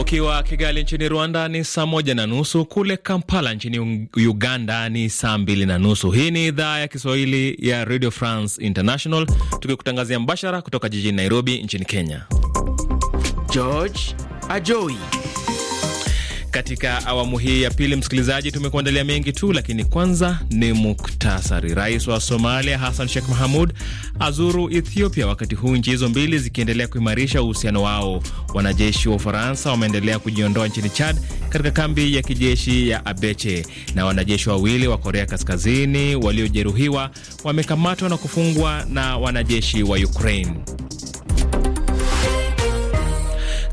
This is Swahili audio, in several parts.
Ukiwa Kigali nchini Rwanda ni saa moja na nusu, kule Kampala nchini Uganda ni saa mbili na nusu. Hii ni idhaa ya Kiswahili ya Radio France International tukikutangazia mbashara kutoka jijini Nairobi nchini Kenya. George Ajoi katika awamu hii ya pili, msikilizaji, tumekuandalia mengi tu, lakini kwanza ni muktasari. Rais wa Somalia Hassan Sheikh Mahamud azuru Ethiopia, wakati huu nchi hizo mbili zikiendelea kuimarisha uhusiano wao. Wanajeshi wa Ufaransa wameendelea kujiondoa nchini Chad katika kambi ya kijeshi ya Abeche, na wanajeshi wawili wa Korea Kaskazini waliojeruhiwa wamekamatwa na kufungwa na wanajeshi wa Ukraine.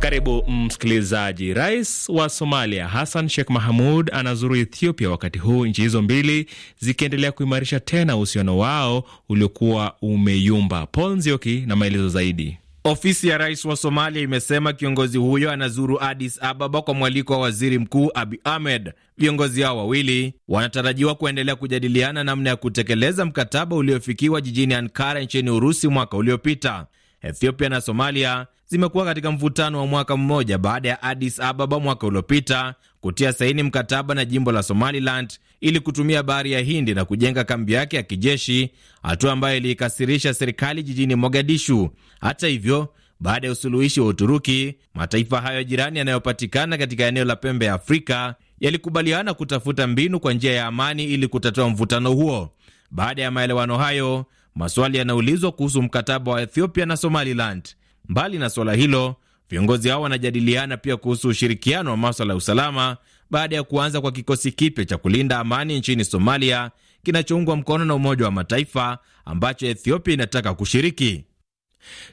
Karibu mm, msikilizaji. Rais wa Somalia Hassan Sheikh Mahamud anazuru Ethiopia wakati huu nchi hizo mbili zikiendelea kuimarisha tena uhusiano wao uliokuwa umeyumba. Paul Nzioki na maelezo zaidi. Ofisi ya rais wa Somalia imesema kiongozi huyo anazuru Addis Ababa kwa mwaliko wa waziri mkuu Abi Ahmed. Viongozi hao wawili wanatarajiwa kuendelea kujadiliana namna ya kutekeleza mkataba uliofikiwa jijini Ankara nchini Urusi mwaka uliopita. Ethiopia na Somalia zimekuwa katika mvutano wa mwaka mmoja baada ya Addis Ababa mwaka uliopita kutia saini mkataba na jimbo la Somaliland ili kutumia bahari ya Hindi na kujenga kambi yake ya kijeshi, hatua ambayo iliikasirisha serikali jijini Mogadishu. Hata hivyo, baada ya usuluhishi wa Uturuki, mataifa hayo jirani yanayopatikana katika eneo la pembe ya Afrika yalikubaliana kutafuta mbinu kwa njia ya amani ili kutatua mvutano huo. Baada ya maelewano hayo, maswali yanaulizwa kuhusu mkataba wa Ethiopia na Somaliland. Mbali na suala hilo, viongozi hao wanajadiliana pia kuhusu ushirikiano wa maswala ya usalama baada ya kuanza kwa kikosi kipya cha kulinda amani nchini Somalia kinachoungwa mkono na Umoja wa Mataifa ambacho Ethiopia inataka kushiriki.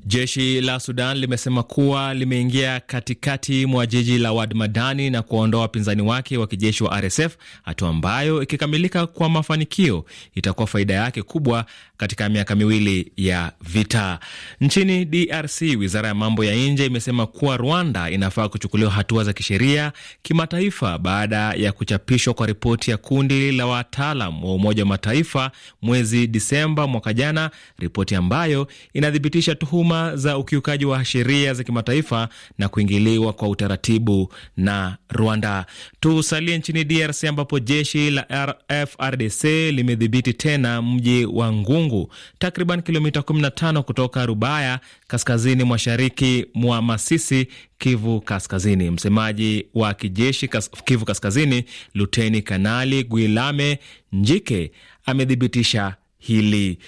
Jeshi la Sudan limesema kuwa limeingia katikati mwa jiji la Wadmadani na kuwaondoa wapinzani wake wa kijeshi wa RSF, hatua ambayo ikikamilika kwa mafanikio itakuwa faida yake kubwa katika miaka miwili ya vita. Nchini DRC, wizara ya mambo ya nje imesema kuwa Rwanda inafaa kuchukuliwa hatua za kisheria kimataifa baada ya kuchapishwa kwa ripoti ya kundi la wataalam wa Umoja wa Mataifa mwezi Disemba mwaka jana, ripoti ambayo inathibitisha tuhuma za ukiukaji wa sheria za kimataifa na kuingiliwa kwa utaratibu na Rwanda. Tusalie nchini DRC ambapo jeshi la FRDC limedhibiti tena mji wa Ngungu, takriban kilomita 15 kutoka Rubaya, kaskazini mashariki mwa Masisi, Kivu Kaskazini. Msemaji wa kijeshi kas, Kivu Kaskazini, Luteni Kanali Guilame Njike amethibitisha hili.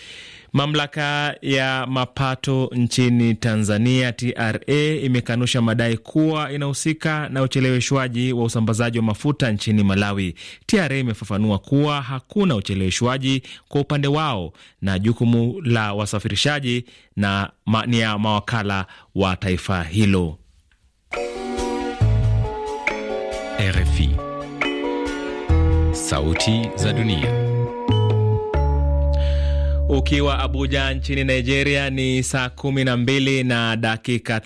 Mamlaka ya mapato nchini Tanzania TRA imekanusha madai kuwa inahusika na ucheleweshwaji wa usambazaji wa mafuta nchini Malawi. TRA imefafanua kuwa hakuna ucheleweshwaji kwa upande wao na jukumu la wasafirishaji na ma, ni ya mawakala wa taifa hilo. RFI, sauti za dunia. Ukiwa Abuja nchini Nigeria ni saa kumi na mbili na dakika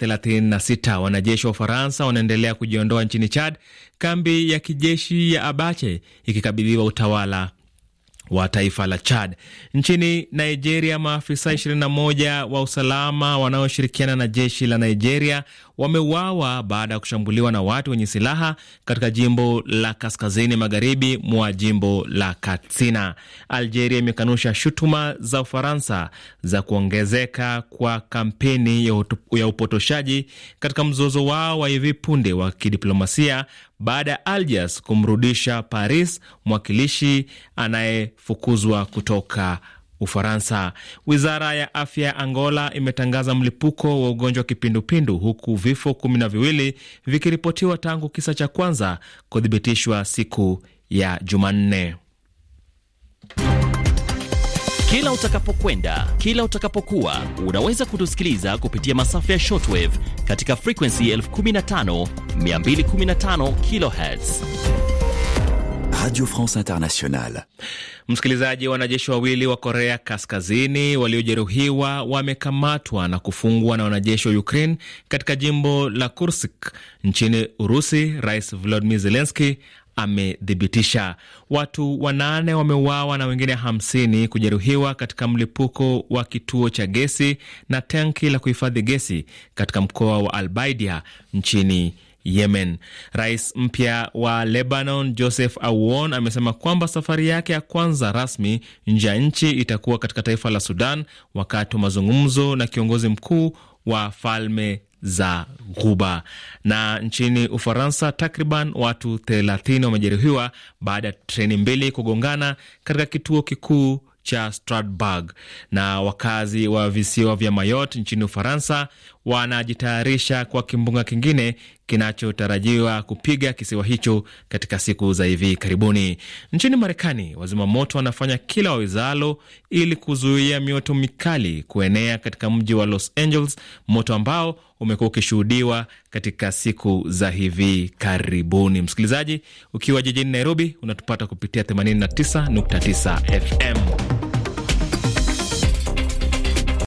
sita. Wanajeshi wa Ufaransa wanaendelea kujiondoa nchini Chad, kambi ya kijeshi ya Abache ikikabidhiwa utawala wa taifa la Chad. Nchini Nigeria, maafisa 21 wa usalama wanaoshirikiana na jeshi la Nigeria wameuawa baada ya kushambuliwa na watu wenye silaha katika jimbo la kaskazini magharibi mwa jimbo la Katsina. Algeria imekanusha shutuma za Ufaransa za kuongezeka kwa kampeni ya, ya upotoshaji katika mzozo wao wa hivi punde wa kidiplomasia baada ya Algiers kumrudisha Paris mwakilishi anayefukuzwa kutoka Ufaransa. Wizara ya afya ya Angola imetangaza mlipuko wa ugonjwa wa kipindupindu huku vifo kumi na viwili vikiripotiwa tangu kisa cha kwanza kuthibitishwa siku ya Jumanne. Kila utakapokwenda, kila utakapokuwa, unaweza kutusikiliza kupitia masafa ya shortwave katika frekuensi 15215 kHz Radio France Internationale. Msikilizaji, wanajeshi wawili wa Korea Kaskazini waliojeruhiwa wamekamatwa na kufungwa na wanajeshi wa Ukraine katika jimbo la Kursk nchini Urusi. Rais Volodymyr Zelensky amethibitisha watu wanane wameuawa na wengine hamsini kujeruhiwa katika mlipuko wa kituo cha gesi na tenki la kuhifadhi gesi katika mkoa wa Albaidia nchini Yemen. Rais mpya wa Lebanon Joseph Aoun amesema kwamba safari yake ya kwanza rasmi nje ya nchi itakuwa katika taifa la Sudan wakati wa mazungumzo na kiongozi mkuu wa Falme za Ghuba. Na nchini Ufaransa, takriban watu 30 wamejeruhiwa baada ya treni mbili kugongana katika kituo kikuu cha Strasbourg. Na wakazi wa visiwa vya Mayotte nchini Ufaransa wanajitayarisha kwa kimbunga kingine kinachotarajiwa kupiga kisiwa hicho katika siku za hivi karibuni. Nchini Marekani, wazima moto wanafanya kila wawezalo ili kuzuia mioto mikali kuenea katika mji wa Los Angeles, moto ambao umekuwa ukishuhudiwa katika siku za hivi karibuni. Msikilizaji, ukiwa jijini Nairobi, unatupata kupitia 89.9 FM.